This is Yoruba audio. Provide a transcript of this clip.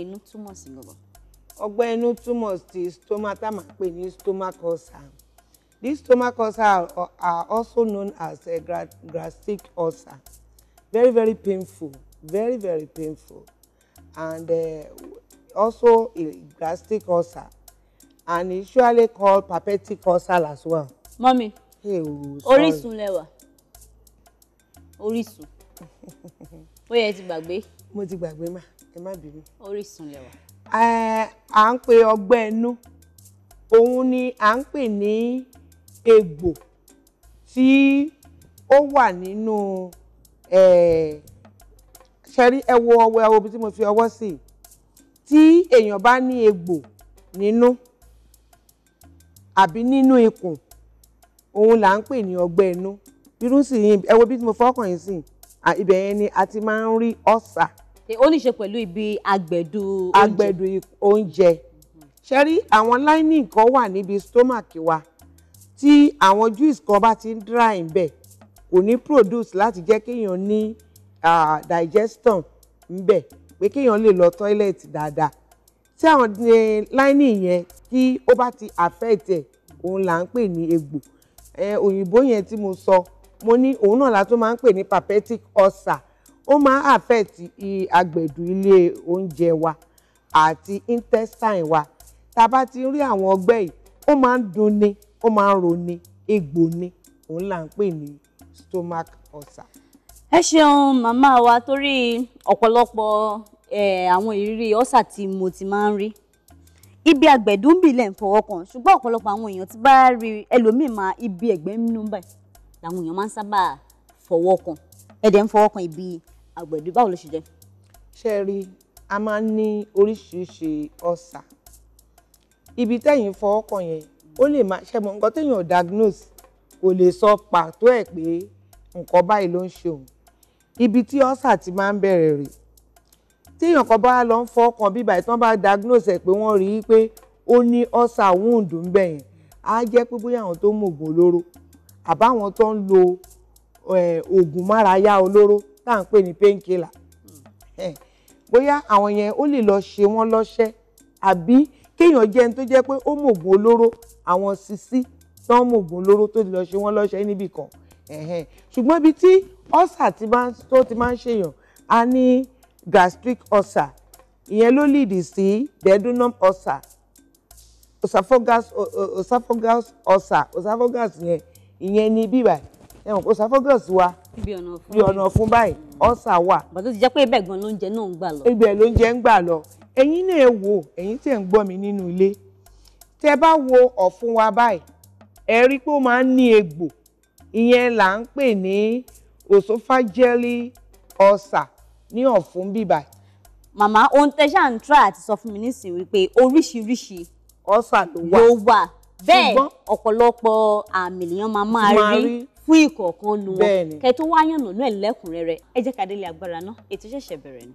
inú túmọ̀ sí gbogbo. ọgbẹ́ inú túmọ̀ sí stomach tá a máa pè ní stomach ulcer This stomach ulcer are, are also known as eh, a gastric ulcer very very painful very very painful and uh, also a gastric ulcer and usually called peptic ulcer as well. mọ́mí oh, orísun lẹ́wà orísun ó yẹ ti gbàgbé. mo ti gbàgbé mà ẹ má bínú. Orísun lẹwà. à ń pe ọgbẹ́ inú òun ni à ń pè ní egbò tí ó wà nínú ṣẹ́rí ẹ wo ọwọ́ ẹ wo ibi tí mo fi ọwọ́ sí tí èèyàn bá ní egbò nínú àbí nínú ikùn òun là ń pè ní ọgbẹ́ inú irú sì ẹ wo bí mo fọkàn yín sí ibẹ̀ yẹn ni a ti máa ń rí ọ̀sà ó ní ṣe pẹ̀lú ibi agbẹ̀dù oúnjẹ agbẹ̀dù oúnjẹ ṣe rí àwọn lining kan wà níbi stomach wa tí àwọn juice kan bá ti ń dry bẹ̀ kò ní produce láti jẹ́ kéèyàn ní digestion ń bẹ̀ pé kéèyàn lè lọ toilet dáadáa tí àwọn e, lining yẹn tí ó bá ti affect ẹ̀ òun là ń pè ní egbò òyìnbó yẹn tí mo sọ mo ní òun náà la máa ń pè ní papetic ulcer ó máa ń affect ilé oúnjẹ wa àti intestine wa tá a bá ti rí àwọn ọgbẹ́ yìí ó máa ń dunni ó máa ń roni egbò ni òun là ń pè ní stomach ulcer. ẹ ṣeun màmá wa torí ọ̀pọ̀lọpọ̀ àwọn ìrírí ulcer tí mo ti máa ń rí ibi àgbẹ̀dù ń bì lẹ̀ ń fọwọ́ kan ṣùgbọ́n ọ̀pọ̀lọpọ̀ àwọn èèyàn ti bá rí ẹlòmíì máa ibi ẹ̀gbẹ́ nínú báyìí làwọn èèyàn máa ń sábà fọwọ́ kan ẹ̀dẹ̀ ń fọwọ́ kan ibi àgbẹ̀bí báwo ló ṣe jẹ́. ṣe rí a máa ń ní oríṣiríṣi ọ̀sà ibi tẹ́yìn fọwọ́ kàn yẹn ó lè máa ṣe mọ nǹkan téèyàn diagnose kò lè sọ pàtó ẹ̀ pé nǹkan báyìí ló ń ṣe òun ibi tí ọ̀sà ti máa ń bẹ̀rẹ̀ rè téèyàn kan bá lọ ń fọwọ́ kàn bíbà tí wọ́n bá diagnose ẹ̀ pé wọ́n rí i pé ó ní ọ̀sà wound ń bẹ̀ yẹn á jẹ́ pé bóyá àwọn tó ń mọ oògùn olóró àbáwọn tó ń lo oògùn márayá olóró tá à ń pè ní painkiller bóyá àwọn yẹn ó lè lọ ṣe wọ́n lọ́ṣẹ́ àbí kéèyàn jẹ́ ẹni tó jẹ́ pé ó mògùn olóró àwọn sisi tán mògùn olóró tó lè lọ ṣe wọ́n lọ́ṣẹ́ níbì kan ṣùgbọ́n ibi tí ọ́sà tó ti máa ń ṣèyàn a ní gastric ọ́sà ìyẹn ló lìdí sí duodenum ọ́sà osaphagus osaphagus ọ́sà osaphagus yẹn ìyẹn ni bíbà ẹ̀wọ̀n wa bí ọ̀nà ọ̀fun báyìí ọ̀sà wà. bàtó ti jẹ́ pé ibẹ̀ gan lóúnjẹ náà ń gbà lọ. ibẹ̀ lóúnjẹ ń gbà lọ ẹ̀yin náà wò ẹ̀yin tẹ̀ ń gbọ́ mi nínú ilé tẹ bá wo ọ̀fun wa báyìí ẹ rí i pé ó máa ń ní egbò ìyẹn là ń pè ní òsófájẹ́lì ọ̀sà ní ọ̀fun bíbà. màmá ohun tẹ ṣáà ń tra àti sọ fún mi nísìnyí wípé oríṣiríṣi ọ̀sà ló wà bẹ́ẹ̀ ọ̀pọ̀lọpọ̀ àmì fún ìkọ̀ọ̀kan nu wọn kẹ́ tó wá yànnà náà lẹ́kùnrẹ́rẹ́ ẹ jẹ́ ká délé agbára náà ètò ṣẹ̀ṣẹ̀ bẹ̀rẹ̀ ni.